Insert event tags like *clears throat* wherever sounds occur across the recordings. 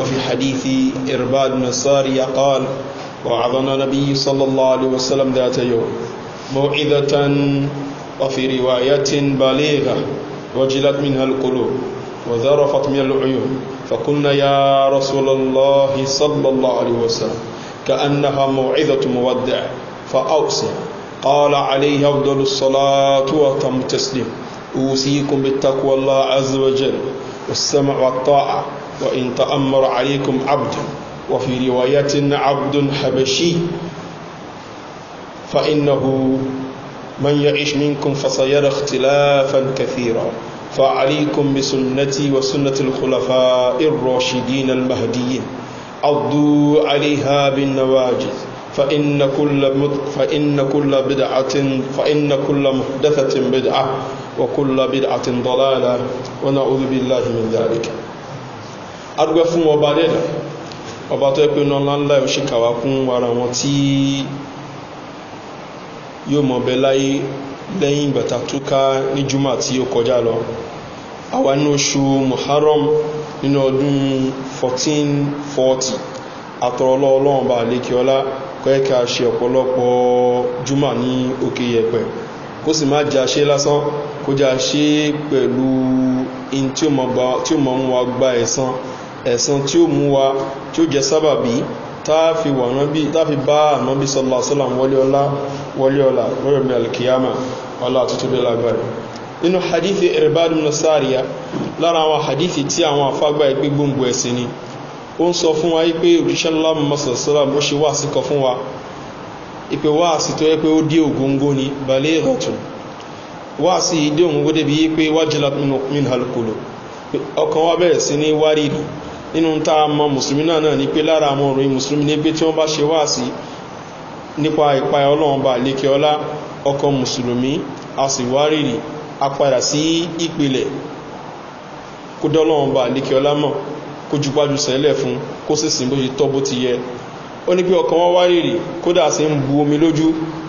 وفي حديث إرباد بن الصاري قال وعظنا النبي صلى الله عليه وسلم ذات يوم موعظة وفي رواية بليغة وجلت منها القلوب وذرفت من العيون فقلنا يا رسول الله صلى الله عليه وسلم كأنها موعظة مودع فأوصي قال عليه أفضل الصلاة وتم التسليم أوصيكم بالتقوى الله عز وجل والسمع والطاعة وإن تأمر عليكم عبد وفي رواية عبد حبشي فإنه من يعيش منكم فسيرى اختلافا كثيرا فعليكم بسنتي وسنة الخلفاء الراشدين المهديين عضوا عليها بالنواجذ فإن كل فإن كل بدعة فإن كل محدثة بدعة وكل بدعة ضلالة ونعوذ بالله من ذلك adúgbẹ́ fún ọba dẹ́dà ọba tó ẹgbẹ́ náà láńlá ẹ̀ ṣe kàwá fún ara wọn tí yóò mọ̀ bẹ láyé lẹ́yìn ìgbàta tó ká ní jùmọ̀ tí ó kọjá lọ àwa ní oṣù muharram nínú ọdún 1440 àtọ̀rọ̀lọ́ ọlọ́run bá lékiọlá kọ́ẹ́kà ṣe ọ̀pọ̀lọpọ̀ jùmọ̀ ní òkè yẹpẹ̀ kó sì má jà lásán kó jà pẹ̀lú in tí ó mọ̀ wa gba ẹ̀san ẹ̀sìn tí ó mú wa tí ó jẹ sábàbí táàfi bá ànábí sọ́lá sọ́làm wọlé ọlá wọlé ọlá lọ́rọ̀ mi alkiyama ọlá àtútù bí lágbàrí inú hadithi irbad munasaria lára àwọn hadithi tí àwọn afágbà ẹgbẹ́ gbòǹgbò ẹ̀sìn ni ó ń sọ fún wa pé òjíṣẹ́ ńlá mọ́sàn sọ́làm ó ṣe wá sí fún wa ìpè wá sí tó yẹ pé ó dé ògóngó ni balẹ̀ ìrọ̀tún wá sí ìdí ògóngó débi yí pé wájú lápínú min halkulu ọkàn wa bẹ̀rẹ̀ sí ní wárìrì nínú tá a mọ mùsùlùmí náà náà ní pé lára àwọn òròyìn mùsùlùmí ní pé tí wọ́n bá ṣe wá sí nípa ìpayà ọlọ́run bá lékè ọlá ọkọ̀ mùsùlùmí a sì wárìrì a padà sí ìpìlẹ̀ kó dọ́lọ́run bá lékè ọlá mọ̀ kó ju pájú sẹ́lẹ̀ fún kó sì sìn bó ṣe tọ́ bó ti yẹ ó ní pé ọkọ̀ wọn wárìrì kódà sí ń bu omi lójú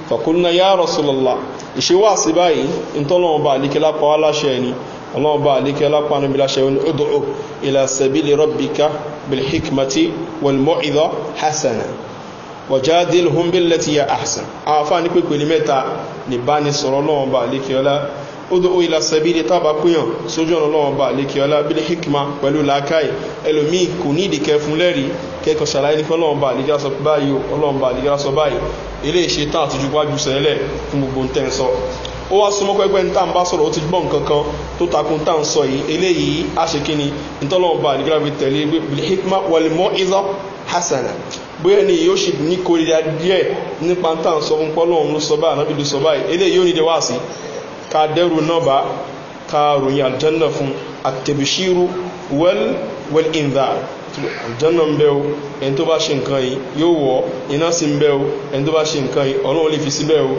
fàkúnná yá rọ̀sọ̀lọ̀lá ìṣe wá sí báyìí ń tọ́lọ́run bá lékè lápá wá láṣẹ ẹni ọlọ́ọ̀bá àlékẹ́ lápánu bí láṣẹ wọn ó dùn ilà sẹ̀bílì rọ́bìkà bil hikmati wọlmọ́ ìdọ́ hasana wàjádìl hùmbílẹ̀ ti yà àṣà àwọn afá ní pípẹ̀lẹ̀ mẹ́ta ní bá ní sọ̀rọ̀ ọlọ́ọ̀bá àlékẹ́ ọlá ó dùn ilà sẹ̀bílì tábà kúyàn sójú ọ̀nà ọlọ́ọ̀bá àlékẹ́ ọlá bil hikma pẹ̀lú làákàyè ẹlòmíì kò ní ìdíkẹ́ fún lẹ́rìí kẹ́kọ̀ọ́ ṣàlàyé ní ọlọ́ọ̀bá àlékẹ́ sọ báyìí ọlọ́ọ̀bá àlékẹ́ sọ báyìí ilé ìṣe tán àtijú wájú sẹ́lẹ̀ fún gbogbo ń tẹ́ sọ ó wá súnmọ́ pẹ́pẹ́ ní tàǹbá sọ̀rọ̀ ó ti gbọ́ nǹkan kan tó takun tàǹ sọ yìí eléyìí aṣèkíni ntọ́lọ́wọ́ bá nígbà fi tẹ̀lé hikma wàlímọ́ ìzọ́ hasana bóyá ni yóò ṣe ní kórìíra díẹ̀ nípa tàǹ sọ fún pọ́lọ́run ló sọ báyìí ànábì ló sọ báyìí eléyìí yóò ní de wá sí ká dẹ́rù náà bá ká ròyìn àlùjánná fún àtẹ̀bíṣírú wẹ́l wẹ́l ìndà àlùjánná ń bẹ́ o ẹni tó bá ṣe nǹkan yìí yóò wọ̀ iná sí ń bẹ́ o ẹni tó bá ṣe nǹkan yìí ọlọ́run lè fi síbẹ̀ o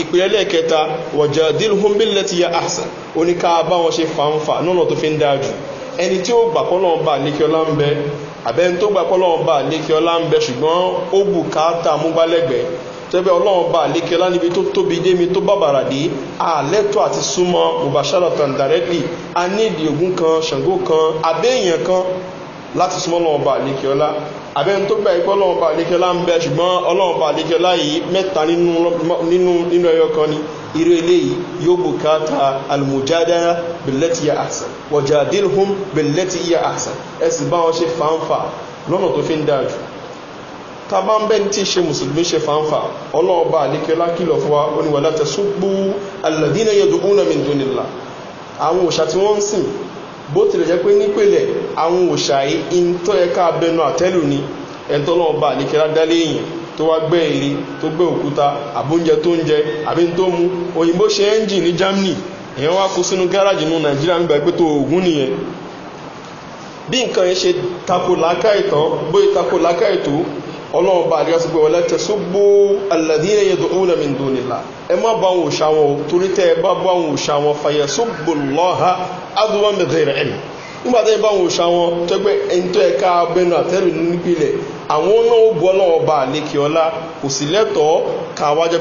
ìpìlẹ̀ lẹ́ẹ̀kẹta wọ̀jẹ̀ dílùhún bí lẹ́tì yẹ àṣà oníká bá wọn ṣe fanfa náà tó fi ń dáa jù ẹni tí ó gbà pọ́nlọ́n bá lékiọlá ń bẹ àbẹ́ni tó gbà pọ́nlọ́n bá lékiọlá ń bẹ ṣùgbọ́n ó bù káàtà múgbálẹ́gbẹ̀ẹ́ tẹ́bẹ̀ ọlọ́run bá lékiọlá níbi tó tóbi démi tó bàbàrà dé àlẹ́tọ̀ àti súnmọ́ mubasharatan directly àbẹ́ni tó gbà ipọ́ ọlọ́run pa àlékẹ́lá ń bẹ ṣùgbọ́n ọlọ́run pa àlékẹ́lá yìí mẹ́ta nínú ẹyọ kan ni irú eléyìí yóò bùkátà almujadara bẹ̀lẹ́tì yà àṣà wọ̀jàdínhùn bẹ̀lẹ́tì yà àṣà ẹ̀sìn bá wọn ṣe fàǹfà lọ́nà tó fi ń dájú tàbá ń bẹ́ni tí ṣe musulmi ṣe fàǹfà ọlọ́ọ̀bá àlékẹ́lá kìlọ̀ bó tilẹ̀ jẹ́ pé nípìnlẹ̀ àwọn òòṣà yìí ń tọ́ ẹ̀ka abẹnú àtẹ́lù ni ẹ̀tọ́ lọ́wọ́ bá àlékẹ́lá dálé èèyàn tó wá gbẹ́ èrè tó gbẹ́ òkúta àbóúnjẹ tó ń jẹ àbí tó mú òyìnbó ṣe ní germany èèyàn wá kó sínú gáràjì tako bóyá tako ọlọ́run bá àríwá sí pé wọlé tẹ̀só gbó alàdínlẹ̀ yẹn dùn ún min dùnìlá ẹ má bá wọn òṣà wọn torí tẹ́ ẹ bá bá wọn òṣà wọn fàyẹ̀ só gbò lọ́ha adúwọ́n mẹ́tẹ̀rẹ̀ ẹ̀mí nígbà tẹ́ ẹ bá wọn òṣà wọn tó pé ẹni tó ẹ̀ka abẹnú àtẹ́rù nípìnlẹ̀ àwọn náà ó bu ọlọ́run bá àlékiọlá kò sì lẹ́tọ̀ọ́ ká jẹ́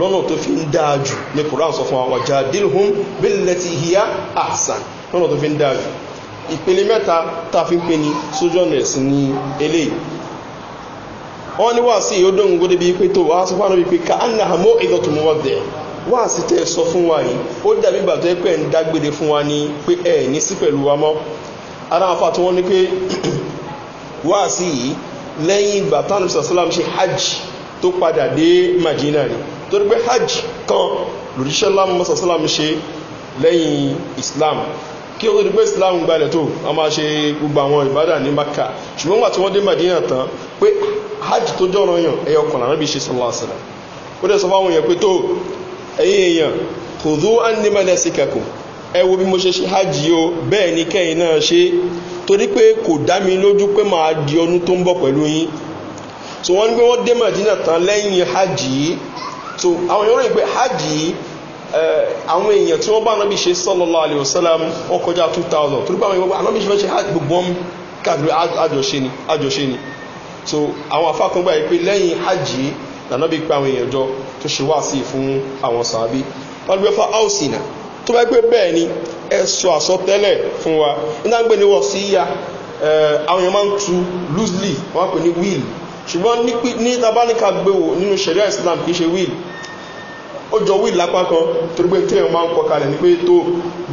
lọ́nà tó fi ń dáa jù ní kùrán sọ fún àwọn ọjà dílhùn bí lẹ́tì hìyà àṣà lọ́nà tó fi ń dáa jù ìpele mẹ́ta tàfi ń pè ní sojourn ẹ̀sìn ní eléyìí wọ́n ní wàásù yìí ó dóhùn gbódé bíi pé tó wàá sọ fún àwọn ibi ká anna hamo ìdọ̀tún mọ́ dẹ̀ wàásù tẹ́ sọ fún wa yìí ó dàbí ìgbà tó yẹ pé ẹ̀ ń dágbére fún wa ní pé ẹ̀ ní sí pẹ̀lú wa mọ́ ara àwọn afáàtún wọn ni pé *clears throat* wàásù yìí lẹ́yìn ìgbà tánù sàlám ṣe hajj tó padà dé madina ni torí pé hajj kan lòdìṣẹ́lá mọ́ sàlám ṣe lẹ́yìn islam kí ó rí pé islam gbalẹ̀ tó a máa ṣe gbogbo àwọn ìbádà ní maka ṣùgbọ́n wà tí wọ́n dé madina tán pé hajj tó jọ́ ọ̀ràn yàn ẹ̀yọ kan làwọn ibi ṣe sọ́lá sílẹ̀ ó dẹ̀ sọ fáwọn èèyàn pé tó ẹ̀yìn èèyàn kò dó á ní mẹ́lẹ̀ sí kẹ́kọ̀ọ́ ẹ bí mo ṣe ṣe hajj o bẹ́ẹ̀ ni kẹ́yìn náà ṣe torí pé kò dá mi lójú pé màá di ọdún tó ń bọ̀ pẹ̀lú yín so wọ́n ní pé wọ́n dé madina tán lẹ́yìn hajj yìí so àwọn èèyàn rò pé hajj yìí àwọn èèyàn tí wọ́n bá anábì ṣe sọ́lọ́lá alẹ́ òsálàm wọ́n kọjá 2000 torí báwọn ìwọ́n anábì ṣe fẹ́ ṣe hajj gbogbo ọmọ káàkiri àjọṣe ni so àwọn afákan gbáyé pé lẹ́yìn hajj lànàbí pé àwọn èèyàn jọ tó ṣe wá sí fún àwọn sàábí wọ́n gbé fa áùsìnà tó bá gbé bẹ́ẹ̀ ni ẹ̀sọ àsọtẹ́lẹ̀ fún wa iná gbé ní wọ́n sí ya àwọn èèyàn máa ń tu loosely wọ́n pè ní wheel ṣùgbọ́n ní tabanika gbéwò nínú sẹ̀ríà islam kì í ṣe wheel ó jọ wí lápá kan torí pé téèyàn máa ń kọ kalẹ̀ ni pé tó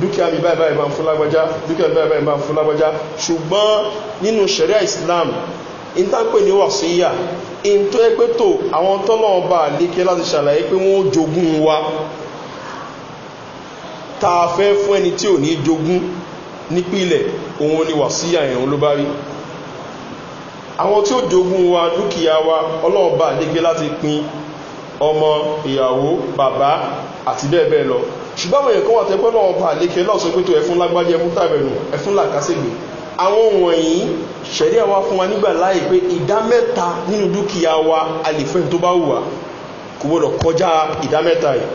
dúkìá mi báyìí báyìí bá ń fún lágbájá dúkìá mi báyìí báyìí bá ń fún lágbájá ṣùgbọ́n nínú sẹ̀ríà islam ìtànpè ni wà sí yà ìntó ẹ pé tó àwọn tọ́lọ́wọ́n bá lékè láti ṣàlàyé pé wọ́n jogún wa tá a fẹ́ fún ẹni tí ò ní jogún nípìnlẹ̀ òun ni wà sí yà ẹ̀hún ló bá rí àwọn tí ó jogún wa dúkìá wa ọlọ́ọ̀bá lékè láti pin ọmọ ìyàwó bàbá àti bẹ́ẹ̀ bẹ́ẹ̀ lọ ṣùgbọ́n àwọn èèyàn kan wà tẹ́pẹ́ lọ́wọ́ bá àlékè lọ́sọ pé tó ẹ̀fún lágbájá ẹ̀fún tàbẹ̀nù ẹ̀fún làkàṣègbè àwọn wọ̀nyí ṣẹ̀rí àwa fún wa nígbà láì pé ìdá mẹ́ta nínú dúkìá wa a tó bá wù kò gbọ́dọ̀ kọjá ìdá mẹ́ta yìí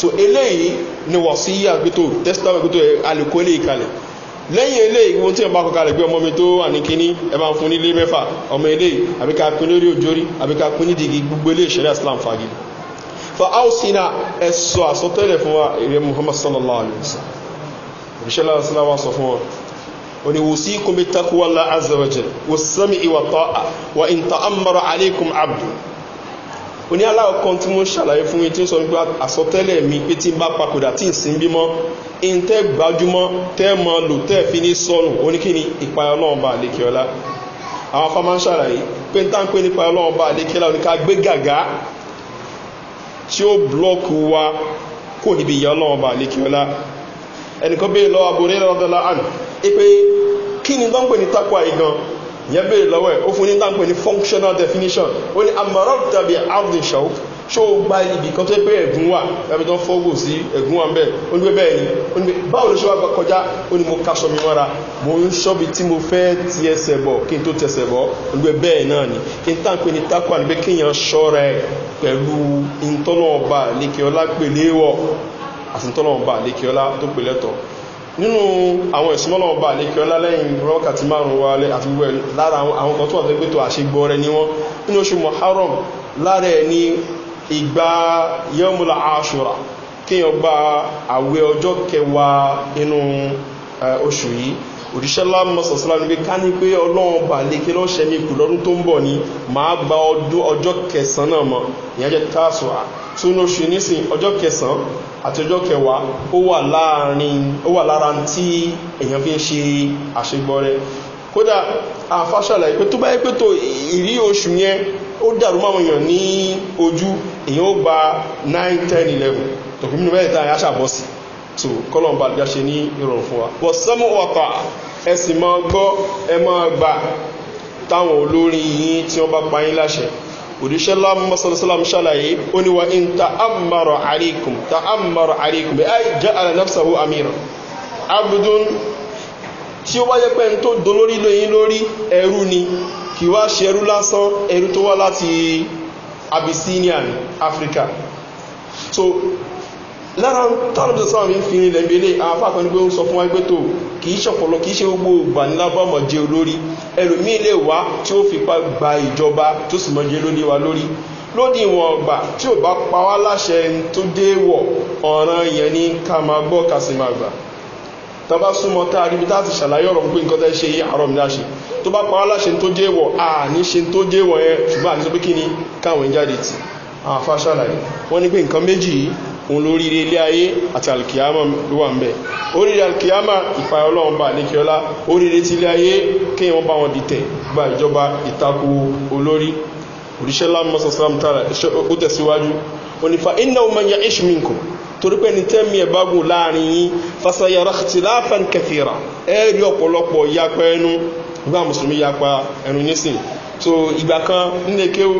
so eléyìí ni wà sí àgbétò tẹ́sítà àgbétò àlèkò eléyìí kalẹ̀ lẹ́yìn ilé ìwọ̀n tí ẹ̀ bá kọkàlẹ̀ pé ọmọ mi tó wà ní kíní ẹ máa fún nílé mẹ́fà ọmọ ilé àbíká pín lórí òjórí àbíká pín ní dìgì gbogbo ilé ìṣẹ̀lẹ̀ islam fagi fa ausina ẹ̀sọ àsọtẹ́lẹ̀ fún wa èrè muhammad sallallahu alayhi wa sallam ìṣẹ́lẹ̀ islam wa sọ fún wa wani wusi kumi takuwa la azawajal wasu sami iwa ta'a wa in ta'ammara alaikum abdu oní aláwọ̀ kan tí mo ṣàlàyé fún yín tí ń sọ nípa àsọtẹ́lẹ̀ mi pé tí n bá papòdà tí n sì ń bímọ n tẹ́ gbajúmọ́ tẹ́ mọ lò tẹ́ fi ní sọnù oníkíni ìpayọ̀ náà bá àlékè ọlá àwọn afá máa ń ṣàlàyé pé n tá ń pè nípa ọlọ́run bá àlékè ọlá oníká gbé gàgá tí ó blọ́ọ̀kì wa kò níbi ìyá ọlọ́run bá àlékè ọlá ẹnìkan bẹ́ẹ̀ lọ aborí lọ́dọ́lá àná yẹn bèèrè lọ́wọ́ ẹ̀ ó fún ní táǹpẹ̀ ní functional definition ó ní amarok tàbí arden show ṣó o gba ibì kan tó pé ẹ̀gún wà ẹbí tó ń fọ́gbò sí ẹ̀gún wà ń bẹ̀ ó ní pé bẹ́ẹ̀ ni ó ní pé báwo ló ṣe wá kọjá ó ní mo kaṣọ mi mọ́ra mo ń ṣọ́bi tí mo fẹ́ ti ẹsẹ̀ bọ̀ kí n tó tẹsẹ̀ bọ̀ ó ní pé bẹ́ẹ̀ náà ni kí n táǹpẹ̀ ní tákùn àti pé kéèyàn ṣọ́ra ẹ̀ pẹ̀lú ìtọ́nà ọba àlékè ọlá pèlé wọ̀ àti ìtọ́nà ọba àlékè ọlá tó pèlẹ́tọ̀ nínú àwọn ìsúnmọ́lọ̀ ọba àlékẹ́ ọlá lẹ́yìn rọ́kàtí márùn wà àti wẹ̀ lára àwọn kan tó wà tẹ́gbẹ́tò àṣegbọ́ rẹ ní wọ́n nínú oṣù muharram lára ẹ̀ ní ìgbà yẹ́mùlá aṣọ́ra kíyàn gba àwẹ́ ọjọ́ kẹwàá inú oṣù yìí òdíṣẹ́lá mọ́sànsánlá ní pé ká ní pé ọlọ́run ọba àlékẹ́ lọ́ṣẹ́mí kù lọ́dún tó ń bọ̀ ni màá gba ọjọ́ kẹsàn-án náà mọ́ ìyẹn jẹ́ tásùwà túnú ṣe nísìn ọjọ́ kẹsàn àti ọjọ́ kẹwàá ó wà láàrin ó wà lára tí èyàn fi ń ṣe àṣegbọ́rẹ kódà àfáṣàlà ìpé tó bá yẹ pé tó ìrí oṣù yẹn ó dàrú máwọn ní ojú èyàn ó gba 9 10 11 tòkùnmínú mẹ́rin tá a sí so kọ́lọ̀ bá dá ṣe ní ìrọ̀rùn fún wa wọ́n sẹ́mú ọ̀tà ẹ̀sìn máa gbọ́ ẹ máa òdíṣẹ́ lámọ́ sọ́lọ́sọ́lọ́m ṣàlàyé ó ní wa in ta'ammaro alaikum ta'ammaro alaikum bí i jẹ́ alanafsahu amira abudun tí ó wáyé pẹ́ tó dolórí lóyìn lórí ẹ̀rú ni kì wá ṣe ẹ̀rú lásán ẹ̀rú tó wá láti abyssinian africa so lára tánà bí sáwọn ń fi rin lẹ́bi ilé àfáàkan ní pé ó sọ fún wa pé tó kìí ṣọ̀pọ̀lọ kìí ṣe gbogbo ìgbà ńlá bá mọ̀ jẹ́ olórí ẹlòmíì lè wá tí ó fipá gba ìjọba tó sì mọ̀ jẹ́ lórí wa lórí lódì ìwọ̀n ọgbà tí ò bá pa wá láṣẹ tó dé wọ̀ ọ̀ràn yẹn ní ká máa gbọ́ ká sì máa gbà tó bá súnmọ́ tá a rí bí tá a ti ṣàlàyé ọ̀rọ̀ pé nǹkan tẹ́ ṣe yí àárọ̀ mi láṣẹ tó bá pa wá láṣẹ tó dé wọ̀ à ní ṣe tó dé wọ̀ yẹn ṣùgbọ́n àti sọ pé kí ni káwọn jáde tì àfa ṣàlàyé wọ́n ní pé nǹkan méjì yìí òun lórí ilé ayé àti alkiyama ló wà ń bẹ̀ oríire alkiyama ìpayà ọlọ́run bá lékiọlá oríire ti ilé ayé kéyàn wọ́n bá wọn dìtẹ̀ gba ìjọba ìtakò olórí òdíṣẹ́ lámọ́sàsàlám tààrà ó tẹ̀síwájú onífà iná ọmọ ya ishminko torí pé ní tẹ́mi ẹ̀bágùn láàrin yí fasayara ti láàfin kẹfìrà ẹ̀rí ọ̀pọ̀lọpọ̀ yapa ẹnu gbá mùsùlùmí yapa ẹnu nísìn so ìgbà kan nílé kéwù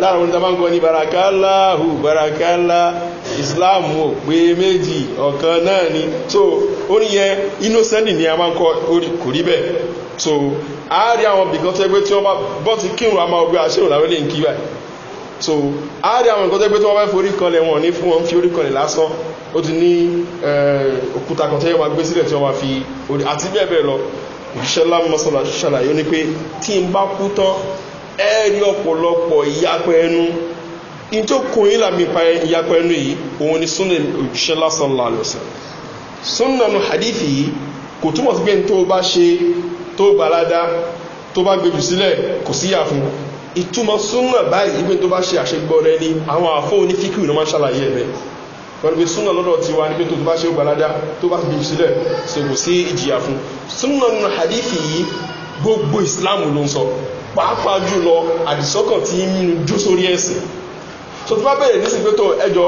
láàrin onídàbáǹgọ́ ní barakallahu barakallahu islam ò pé méjì ọ̀kan náà ni so orin yẹn innocent ni a máa ń kọ orí kò rí bẹ́ẹ̀ so a rí àwọn bìkan tó ẹgbẹ́ tí wọ́n bá bọ́ ti kírun a máa gbé àṣírò láwọn ilé ń báyìí so a rí àwọn nǹkan tó ẹgbẹ́ tí wọ́n bá forí kanlẹ̀ wọn ní fún wọn fi orí kanlẹ̀ lásán ó ti ní eh, òkúta kan tó yẹ máa gbé sílẹ̀ tí wọ́n máa fi orí àti bẹ́ẹ̀ bẹ́ẹ̀ lọ ìṣẹ́lá mọ́sánlá ṣàlàyé ó ní pé tí n bá kú tán ẹ́ẹ̀rí ọ̀pọ̀lọpọ̀ ìyápẹ́ in tó kún yí làmì ìyapẹ́ ẹnu yìí òun ni súnà òjíṣẹ́ lásán lálọ́sẹ̀ súnà nù hadithi yìí kò túmọ̀ sí pé n tó bá ṣe tó gbalada tó bá gbèjù sílẹ̀ kò síyà fún ìtumọ̀ súnà báyìí pé tó bá ṣe àṣegbọ́ rẹ ni àwọn àfọ onífíkì ìrìn máa ṣàlàyé rẹ̀ wọ́n gbé súnà lọ́dọ̀ tí wá pé tó bá ṣe gbalada tó bá gbèjù sílẹ̀ kò sí ìjìyà fún súnà nù hadithi yìí gbogbo ìsìláàmù ló ń sọ pàápàá jùlọ àdìsọ́kàn tí ń jó sórí ẹ̀sìn so tí wọ́n bẹ̀rẹ̀ nísìnyí pé tó ẹjọ́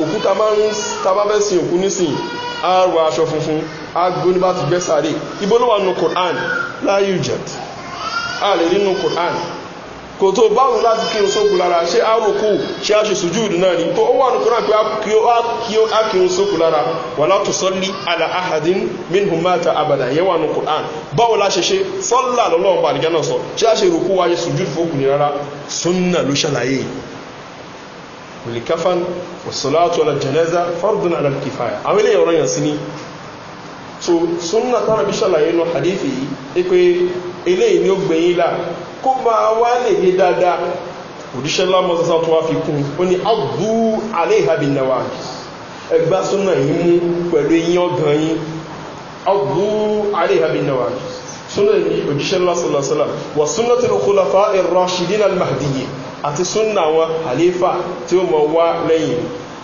òkú tá a bá fẹ́ sin òkú nísìnyí á rọ aṣọ funfun á gbóni bá ti gbẹ́ sáré ibo ló wà nù quran láyé ìjẹ̀t á lè rí nù quran kò tó báwọn láti kí o sókù lára ṣé àròkù ṣe a ṣe sùjú ìdùnnà ní tó wà ní kúrò pé a kí o sókù lára wà látò sọ́lí aláhàdín minhu mata abada yẹ wà ní kùrán báwọn láṣẹ ṣe sọ́lá lọ́lọ́wọ́ bá nìkan náà sọ ṣe a ṣe rùkú wa ṣe sùjú ìfòkù ní rárá sunna ló ṣàlàyé olùkafan wasalatu ala janaza fardun ala kifaya àwọn ilé ìrọ̀ yàn sí ni so sunna tánàbí ṣàlàyé nù hadithi yìí pé eléyìí ni ó gbẹ̀yìn láà kó máa wá lè yé dáadáa òdíṣẹ́ lámọ́sásá tó wá fi kún ó ní àbú alẹ́ ìhábi náwà ẹgbá súnà yìí mú pẹ̀lú eyín ọgàn yìí àbú alẹ́ ìhábi náwà súnà ní òdíṣẹ́ lásọ̀lọ́sọ́lá wà súnà tí ó mọ̀ wá lẹ́yìn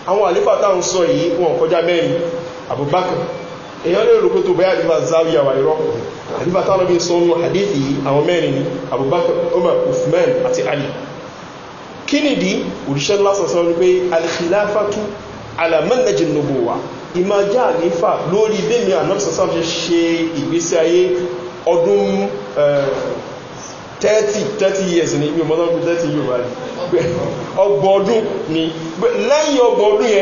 àwọn àléfà táwọn sọ èyàn lè rògbé tó bẹ́yà nípa záwíyà wà irọ́ àdíbà tánà bí sọ mú àdífì àwọn mẹ́rin ni abubakar omar uthman àti ali kí ni dí òdíṣẹ́ lásànsán ní pé alìkìláfàtú alamẹ́nẹjì nùbùwà ìmá já nífà lórí bẹ́mi ànọ́sànsán 30 30 years ni ibi 30 yóò wáyé ọgbọ̀n ọdún ni lẹ́yìn ọgbọ̀n ọdún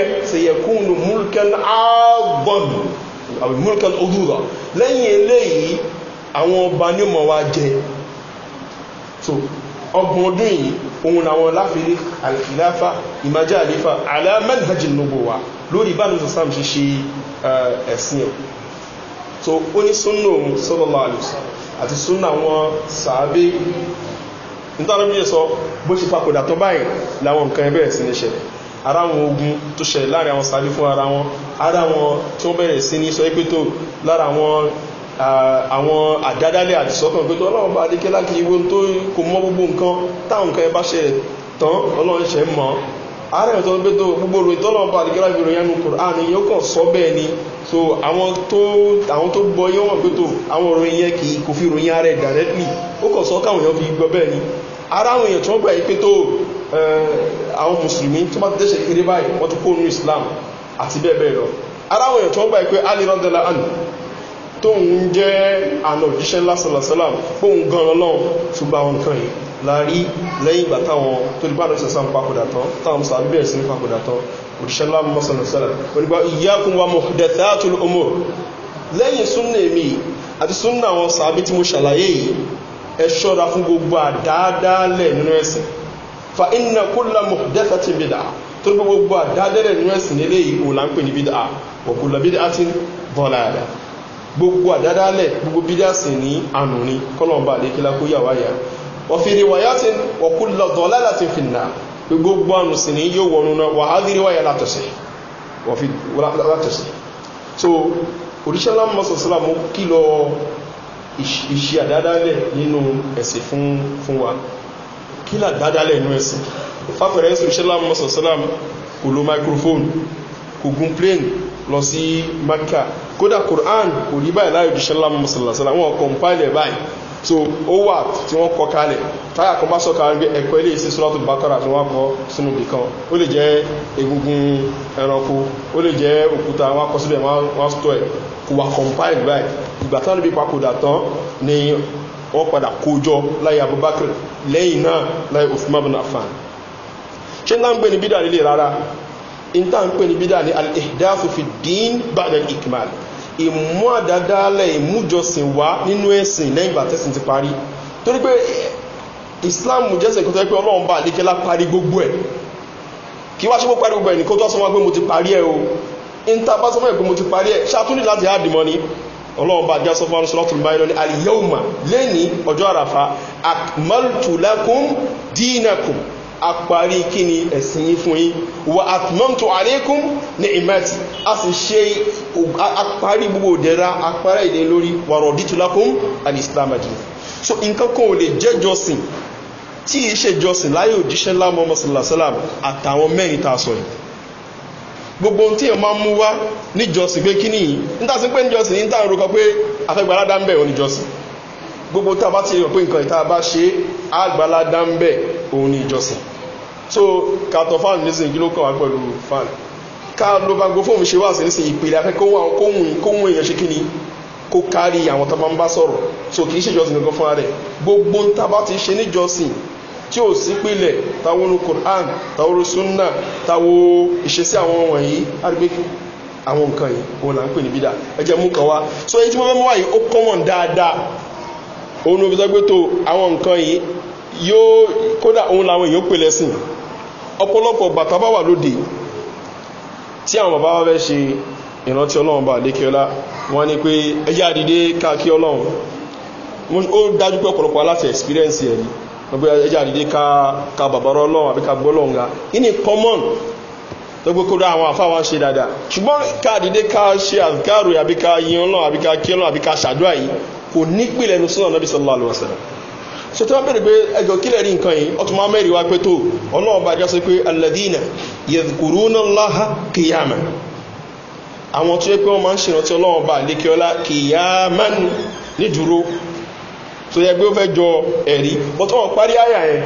yẹn àbí múlùkàn odúrà lẹ́yìn eléyìí àwọn ọba ní mọ̀ wá jẹ so ọgbọ̀n ọdún yìí ohun àwọn láfilé alìfìláfà ìmájá àlífà alámẹ́lìfẹ́jì lógbò wa lórí ìbánu sàmì ṣe ṣe so ó ní súnà òun sọ́lọ́lá àlùsà àti súnà àwọn sàábé nítorí bí ó sọ bó ṣe papòdà ara wọn ogun tó ṣẹlẹ̀ láàrin àwọn sàbí fún ara wọn ara wọn tí wọ́n bẹ̀rẹ̀ sí ní sọ pé tó lára wọn àwọn àdádálẹ̀ àdìsọ́kàn pé tó ọlọ́run bá adékẹ́ láti iwo tó kò mọ́ gbogbo nǹkan táwọn nǹkan bá ṣẹlẹ̀ tán ọlọ́run ṣẹ̀ mọ́ ara ẹ̀ tó ń pé tó gbogbo ròyìn tọ́lọ́run bá adékẹ́ láti ròyìn so àwọn tó àwọn tó gbọ́ yọ́wọ̀n pé tó àwọn òròyìn ara directly ó kàn sọ káwọn èèyàn fi àwọn èèyàn tó ń gbà yí pé tó Eh, àwọn mùsùlùmí tó máa dẹ́ṣẹ̀ kéré báyìí wọ́n ti kó nínú islam àti bẹ́ẹ̀ bẹ́ẹ̀ lọ ara àwọn èèyàn tó ń gbà pé ali randala anu tó ń jẹ́ àna òjíṣẹ́ lásàlásàlám fóun gan lọ́lọ́run ṣùgbọ́n àwọn nǹkan yìí la rí lẹ́yìn ìgbà táwọn tó dípá lọ sẹ́sàn papòdà tán táwọn sàbí bẹ̀rẹ̀ sí ní papòdà tán òjíṣẹ́ lásàlásàlám onígbà ìyákun wa mọ̀dẹ̀tẹ̀ àtúlù ọmọ lẹ́yìn súnnà èmi àti súnnà àwọn sàbí tí mo ṣàlàyé yìí ẹ ṣọ́ra fún gbogbo àdáadáa lẹ̀ nínú ẹ̀sìn fa iná kúlọ̀ mọ̀dẹ́sà ti bí dáa tó gbogbo gbogbo àdádẹ́rẹ̀ nínú ẹ̀sìn nílé ìwò là ń pè ní bí dáa ọ̀kùnlọ̀ bí dáa ti bọ́lá rẹ̀ gbogbo àdádálẹ̀ gbogbo bí dáa sì ní ànú ni kọ́lọ̀mbà àdékílá kó yà wáyà ọ̀fìrì wáyà ti ọ̀kùnlọ̀ dọ̀lá láti fi nà gbogbo ànú sì ní yóò wọnú náà wà á dírí wáyà látọ̀sẹ̀ so oríṣẹ́lá mọ́sọ̀sọ́lá mú kí lọ ìṣe esifun nínú wa kí làgbádálẹ̀ inú ẹ̀sìn fáfẹ̀rẹ́ ẹ̀sìn ìṣẹ́lám mọ́sànsálàm kò lo microphone kò gun plane lọ sí maka kódà quran kò rí báyìí láyé ìṣẹ́lám mọ́sànsálàm wọn compile ẹ̀ báyìí so ó wà tí wọ́n kọ kalẹ̀ táyà kan bá sọ̀kà ń gbé ẹ̀kọ́ ilé ìsìn sọ́lá tó bákọ́ra tí wọ́n kọ sínú ibì kan ó lè jẹ́ egungun ẹranko ó lè jẹ́ òkúta wọn kọ síbẹ̀ wọn stọ ẹ̀ kò wà compile báyìí ìgbà táwọn ibi papòdà tán ni wọ́n padà kójọ láyé abubakar lẹ́yìn náà láyé osman bin afan ṣe ń gbé ní bídà lílé rárá in tá ń pè ní bídà ní al dín badal ikmal ìmú àdádálẹ̀ ìmújọsìn wá nínú ẹ̀sìn lẹ́yìn ìgbà tẹ́sìn ti parí torí pé islam jẹ́sìn kò tẹ́ pé ọlọ́run bá àlékẹ́ lá parí gbogbo ẹ̀ kí wá ṣe kó parí gbogbo ẹ̀ ní kó tó sọ wọn pé mo ti parí ẹ̀ o in tá bá sọ wọn pé mo ti parí ẹ̀ ṣàtúndì ọlọ́ọ̀bá jásọ́fà sọ́tún báyìí lọ́ní aliyauma lẹ́ni ọjọ́ àràfà akmaltulakum dinakum apari kíni ẹ̀sìn yí fún yín wà atmamtu alaykum ní ìmẹ́tì a sì ṣe apari gbogbo dẹ̀ra apara ìdẹ lórí wàrọ̀ dítulakum alislamadu so nǹkan kan ò lè jẹ́ jọsìn tí ìṣe jọsìn láyé òjíṣẹ́ lámọ́ mọ́sálásálàm àtàwọn mẹ́rin ta sọ gbogbo ohun tí èèyàn máa ń mú wá níjọsìn pé kíní yìí níta sí pé níjọsìn ní táwọn orúkọ pé afẹ́gbàládá ń bẹ̀ òun níjọsìn gbogbo tá a bá ti rò pé nǹkan ìta bá ṣe àgbàládá ń bẹ̀ òun níjọsìn so kàtọ̀ fáànù nísìnyí kí ló kàn wá pẹ̀lú fáànù ká ló bá gbó fóònù ṣe wá sí nísìnyí ìpìlẹ̀ afẹ́ kóhun èèyàn ṣe kíní kó kárí àwọn tó máa ń bá sọ̀rọ̀ so kì í ṣèjọsìn kankan fúnra rẹ̀ gbogbo tá a bá ti ṣe níjọsìn tí ò sí pílẹ̀ táwọn onú quran táwọn onú sunna táwọn ìṣesí àwọn wọ̀nyí àrígbékí àwọn nǹkan yìí wọn là ń pè ní bídà mú kan wá so èyí tí mo fẹ́ mú wáyé ó kọ́mọ̀n dáadáa òun òbí sọgbé tó àwọn nǹkan yìí yóò kódà òun làwọn èèyàn pè lẹ́sìn ọ̀pọ̀lọpọ̀ bàtà bá wà lóde tí àwọn bàbá wa fẹ́ ṣe ìrántí ọlọ́run bá lékeọlá wọ́n ní pé ẹjẹ́ àdìdé káàkiri ọlọ́run ó dájú pé ọ̀pọ̀lọpọ̀ aláfẹ́ experience yẹn ni gbogbo ẹjà dìde ka bàbára ọlọ́run àbíká gbọ́lọ́nga ní common tó gbogbo dá àwọn àfáwà ṣe dada ṣùgbọ́n ká dìde ká ṣe àkàrò àbíká yíyan náà àbíká kí ọlọ́run àbíká ṣàdúrà yìí kò ní pìlẹ̀ ẹnu sọ́nà nàbí sọ́lá àlùwà sẹ́lẹ̀ so tí wọ́n bẹ̀rẹ̀ pé ẹjọ́ kílẹ̀ rí nǹkan yìí ọtún máa mẹ́rin wá pé ní dúró so yẹ pé ó fẹ́ jọ ẹ̀rí but wọn parí àyà yẹn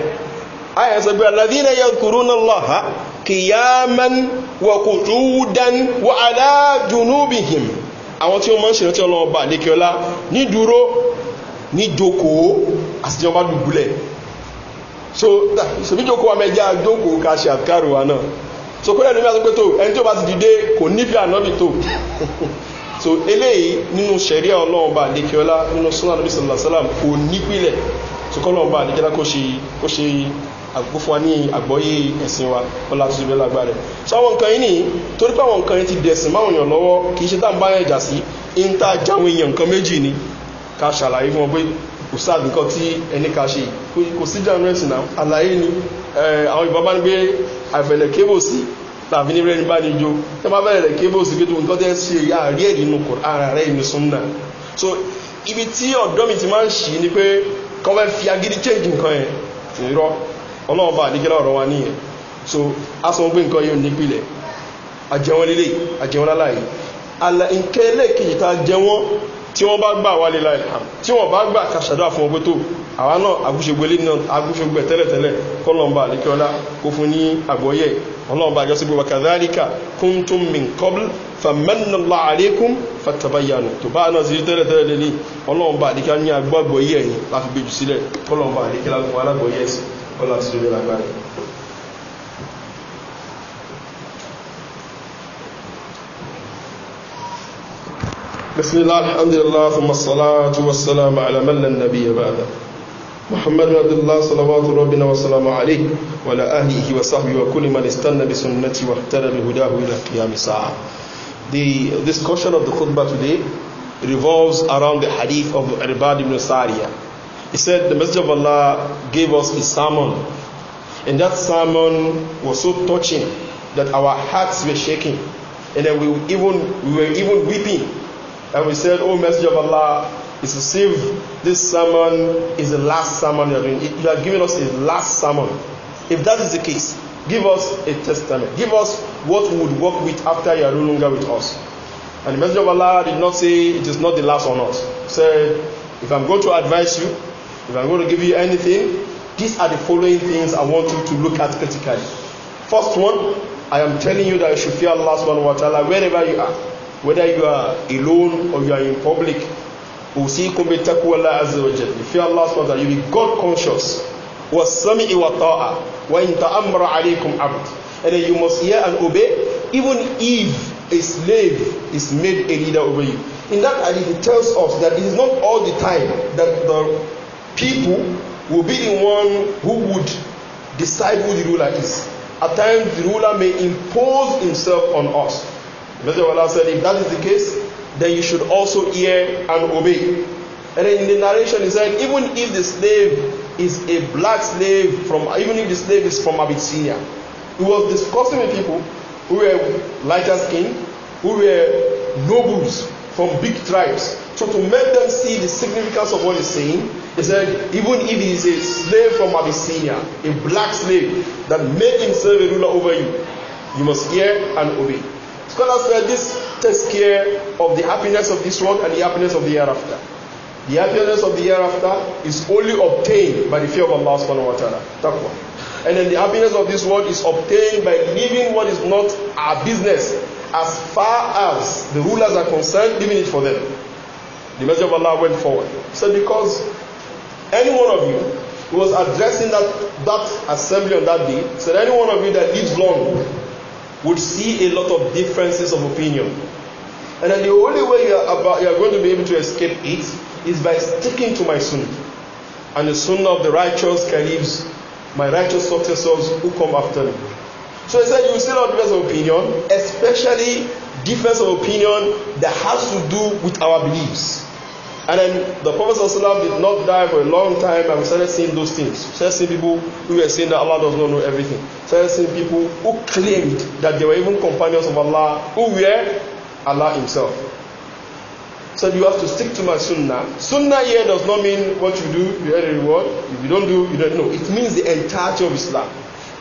àyà sọ pé aladina yankuru na lọ́ha kìyàmán wọ̀kùtùdán wà aláàjùnúbìhìm àwọn tí ó mọ́ ń ṣèrántí ọlọ́ọ̀bà níkẹ́ọ́lá ní dúró ní jókòó àtijọba dùgbùlẹ̀ so ìṣòbí jókòó wa mẹjá jókòó ká ṣe àkàrò wa náà so kúrẹ́ ní mi àti pé tó ẹni tí ó bá ti dìde kò nífẹ̀ẹ́ ànábì tó *laughs* so eléyìí nínú sẹ̀ríà ọlọ́run bá àdékẹ́ọ́lá nínú sunan nabi sallallahu alayhi wa sallam kò nípìlẹ̀ so kọ́lọ́run bá àdékẹ́lá kó ṣe kó ṣe àgbó fún wa ní àgbọ́yé ẹ̀sìn wa ọlá tó ṣubẹ́ lágbára so àwọn nǹkan yìí ni torí pé àwọn nǹkan yìí ti dẹ̀sìn máwọn èèyàn lọ́wọ́ kì í ṣe táwọn bá yẹn jà sí ń tá a jáwọn èèyàn nǹkan méjì ni ká ṣàlàyé fún wọn pé kò sáàbì kan tí ẹni ká ṣe kò sí jà náà àlàyé ni àwọn ìbábá ń gbé àfẹ̀lẹ̀ kébò sí tàbí ní rẹ́ni bá ní jó tẹ́ bá bẹ̀rẹ̀ rẹ̀ kébò sí pé tó nǹkan tẹ́ ṣe àárí ẹ̀ nínú ara rẹ̀ inú súnmọ́ so ibi tí ọ̀dọ́ mi ti máa ń ṣì ni pé kọ́ fẹ́ fi agídí change nǹkan yẹn kì í rọ́ ọlọ́run bá àdíkẹ́lá ọ̀rọ̀ wa nìyẹn so a sọ pé nǹkan yóò nípìnlẹ̀ àjẹwọ́n lélẹ̀ àjẹwọ́n láláyé àlà nǹkan ẹlẹ́ẹ̀kejì tá tí wọ́n bá gbà wà lè láìhàn tí wọ́n bá gbà kàṣàdá fún ọgbẹ́ tó àwa náà agúṣegbélé náà agúṣegbè tẹ́lẹ̀tẹ́lẹ̀ kọlọ̀mbà àlékíọ́lá kó fún ní àgbọ́yẹ̀ ọlọ́ọ̀bá àjọsí pé wàkàdáríkà kún tún min kọ́bl fàmẹ́nàlá fàtàbáyànù بسم الله الحمد لله ثم الصلاة والسلام على من النبي بعد محمد بن الله صلوات ربنا وسلام عليه ولا أهله وصحبه وكل من استنى بسنته واهتدى بهداه إلى قيام الساعة. The discussion of the khutbah today revolves around the hadith of Ibad ibn Sariya. He said the Messenger of Allah gave us a sermon and that sermon was so touching that our hearts were shaking and then we even we were even weeping And we said, Oh, Messenger of Allah, is to save this sermon is the last sermon you are doing. You are giving us a last sermon. If that is the case, give us a testament. Give us what we would work with after you are no longer with us. And the Messenger of Allah did not say it is not the last on us. He said, If I am going to advise you, if I am going to give you anything, these are the following things I want you to look at critically. First one, I am telling you that you should fear Allah subhanahu wa ta'ala wherever you are whether you are alone or you are in public usikum bi taqwa Allah azza wa you fear Allah subhanahu you be God conscious was sami'i wa ta'a wa in ta'amara alaykum abd and then you must hear and obey even if a slave is made a leader over you in that hadith it tells us that it is not all the time that the people will be the one who would decide who the ruler is at times the ruler may impose himself on us Messenger said, if that is the case, then you should also hear and obey. And then in the narration, he said, even if the slave is a black slave from, even if the slave is from Abyssinia, he was discussing with people who were lighter skinned, who were nobles from big tribes. So to make them see the significance of what he's saying, he said, even if he is a slave from Abyssinia, a black slave that made himself a ruler over you, you must hear and obey. Scholars say this takes care of the happiness of this world and the happiness of the hereafter. The happiness of the hereafter is only obtained by the fear of Allah subhanahu wa ta'ala. Taqwa. And then the happiness of this world is obtained by leaving what is not our business as far as the rulers are concerned, leaving it for them. The message of Allah went forward. So because any one of you who was addressing that, that assembly on that day said, any one of you that lives long would see a lot of differences of opinion. And then the only way you are, about, you are going to be able to escape it is by sticking to my sunnah. And the sunnah of the righteous caliphs, my righteous successors who come after me. So he said, you will see a lot of difference of opinion, especially difference of opinion that has to do with our beliefs. And then the Prophet ﷺ did not die for a long time, and we started seeing those things. We started seeing people who were saying that Allah does not know everything. We started seeing people who claimed that they were even companions of Allah, who were Allah Himself. So you have to stick to my sunnah. Sunnah here does not mean what you do, you earn a reward. If you don't do, you don't know. It means the entirety of Islam,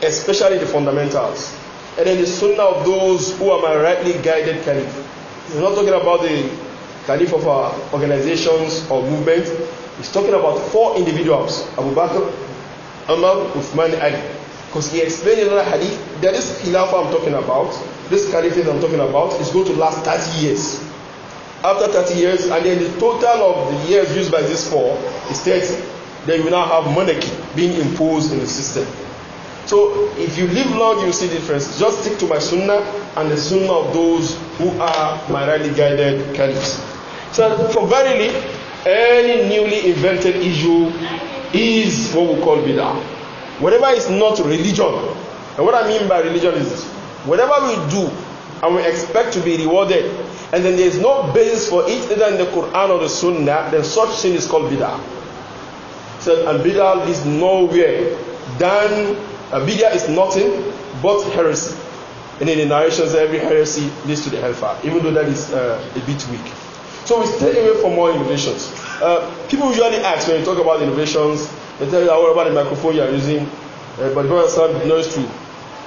especially the fundamentals. And then the sunnah of those who are my rightly guided caliph. We're not talking about the caliph of our uh, organizations or movements, is talking about four individuals Abu Bakr, Umar, Uthman, Ali. Because he explained in another hadith that this Khilafah I'm talking about, this caliphate I'm talking about, is going to last 30 years. After 30 years, and then the total of the years used by these four is 30. Then you will now have monarchy being imposed in the system. So if you live long, you see difference. Just stick to my sunnah and the sunnah of those who are my rightly guided caliphs. So, for verily, any newly invented issue is what we call bidah. Whatever is not religion, and what I mean by religion is whatever we do and we expect to be rewarded, and then there is no basis for it either in the Quran or the Sunnah, then such sin is called bidah. So, and bidah is nowhere than a bidah is nothing but heresy. And in the narrations, every heresy leads to the hellfire, even though that is uh, a bit weak. So we stay away from all innovations. Uh, people usually ask when you talk about innovations, they tell you, oh, what about the microphone you are using? Uh, but you don't understand the noise to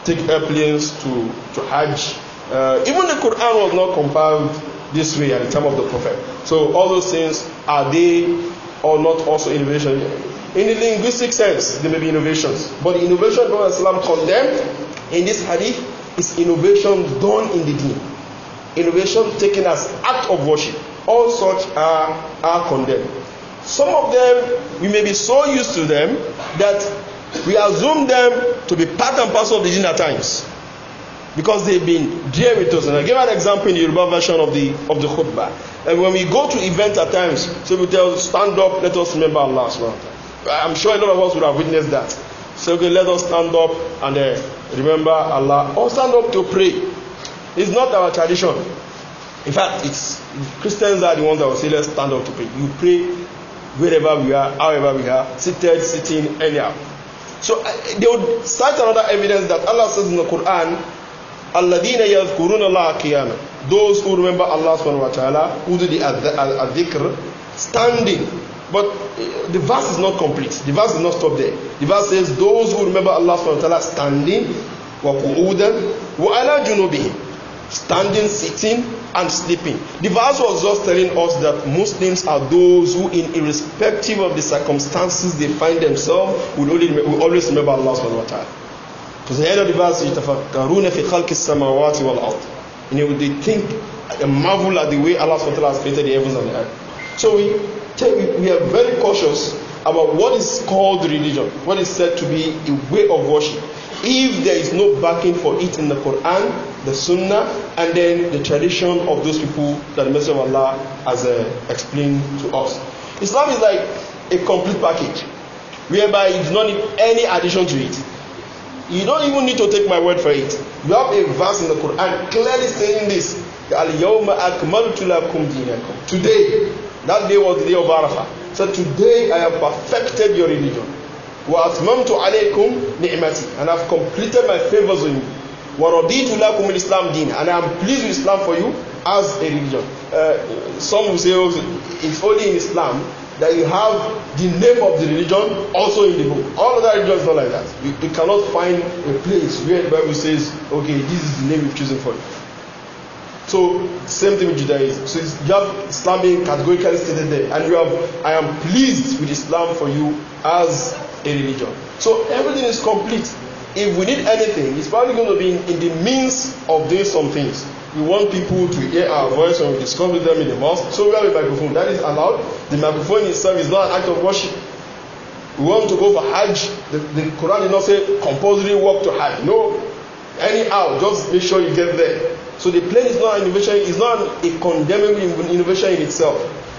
take airplanes to, to Hajj. Uh, even the Quran was not compiled this way at the time of the Prophet. So all those things, are they or not also innovation? In the linguistic sense, they may be innovations. But the innovation the Prophet Islam condemned in this hadith is innovation done in the deen. Innovation taken as act of worship all such are, are condemned. Some of them, we may be so used to them that we assume them to be part and parcel of the jinn times because they've been there with us. And I gave an example in the Yoruba version of the of the khutbah. And when we go to events at times, so we tell stand up, let us remember Allah subhanahu I'm sure a lot of us would have witnessed that. So okay, let us stand up and uh, remember Allah or stand up to pray. It's not our tradition. In fact, it's Christians are the ones that will say, let's stand up to pray. You pray wherever we are, however we are, seated, sitting, anyhow. So they would cite another evidence that Allah says in the Quran, الَّذِينَ يَذْكُرُونَ اللَّهَ قِيَامًا Those who remember Allah subhanahu wa ta'ala, who do the adhikr, standing. But eh, the verse is not complete. The verse does not stop there. The verse says, those who remember Allah subhanahu wa ta'ala standing, wa wa ala جُنُوبِهِمْ standing, sitting, and sleeping. The verse was just telling us that Muslims are those who, in irrespective of the circumstances they find themselves, will, only, will always remember Allah subhanahu wa ta'ala. Because the end of the verse is يَتَفَكَّرُونَ فِي خَلْقِ السَّمَاوَاتِ وَالْأَرْضِ You know, they think they marvel at the way Allah subhanahu wa ta'ala has created the heavens and the earth. So we, take, we are very cautious about what is called religion, what is said to be a way of worship if there is no backing for it in the Quran, the Sunnah, and then the tradition of those people that the Messenger of Allah has uh, explained to us. Islam is like a complete package whereby you do not need any addition to it. You don't even need to take my word for it. You have a verse in the Quran clearly saying this. Today, that day was the day of Arafah. So today I have perfected your religion. وأتممت عليكم نعمتي and I've completed my favors on you ورضيت لكم الإسلام دين and I am pleased with Islam for you as a religion uh, some will say also oh, it's only in Islam that you have the name of the religion also in the book all other religions not like that you, you cannot find a place where the Bible says okay this is the name you've chosen for you so same thing with Judaism so you have Islam being categorically stated there and you have I am pleased with Islam for you as a religion. So everything is complete. If we need anything, it's probably going to be in, in the means of doing some things. We want people to hear our voice when we discuss with them in the mosque. So we have a microphone. That is allowed. The microphone itself is not an act of worship. We want to go for Hajj. The, the Quran did not say compulsory walk to Hajj. No. Anyhow, just make sure you get there. So the plane is not an innovation, it's not a condemnable innovation in itself.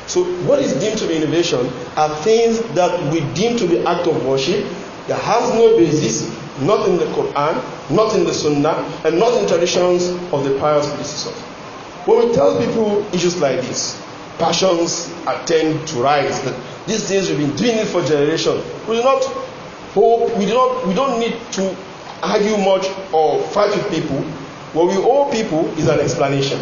So what is deemed to be innovation are things that we deem to be act of worship that has no basis, not in the Quran, not in the Sunnah, and not in traditions of the pious predecessors. When we tell people issues like this, passions attend to rise. That these days we've been doing it for generations. We do not hope, we do not, we don't need to argue much or fight with people What we owe people is an explanation.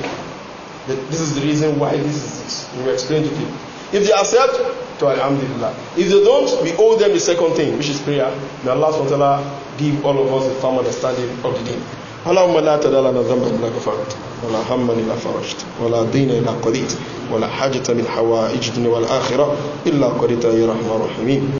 That this is the reason why this is this. We explain to people. If they accept, to Alhamdulillah. If they don't, we owe them the second thing, which is prayer. May Allah SWT give all of us a firm understanding of the deen. اللهم لا تدع لنا ذنبا الا غفرت ولا هما الا فرجت ولا دين الا قضيت ولا حاجه من حوائج الدنيا والاخره الا قضيتها يا رحمن الرحيم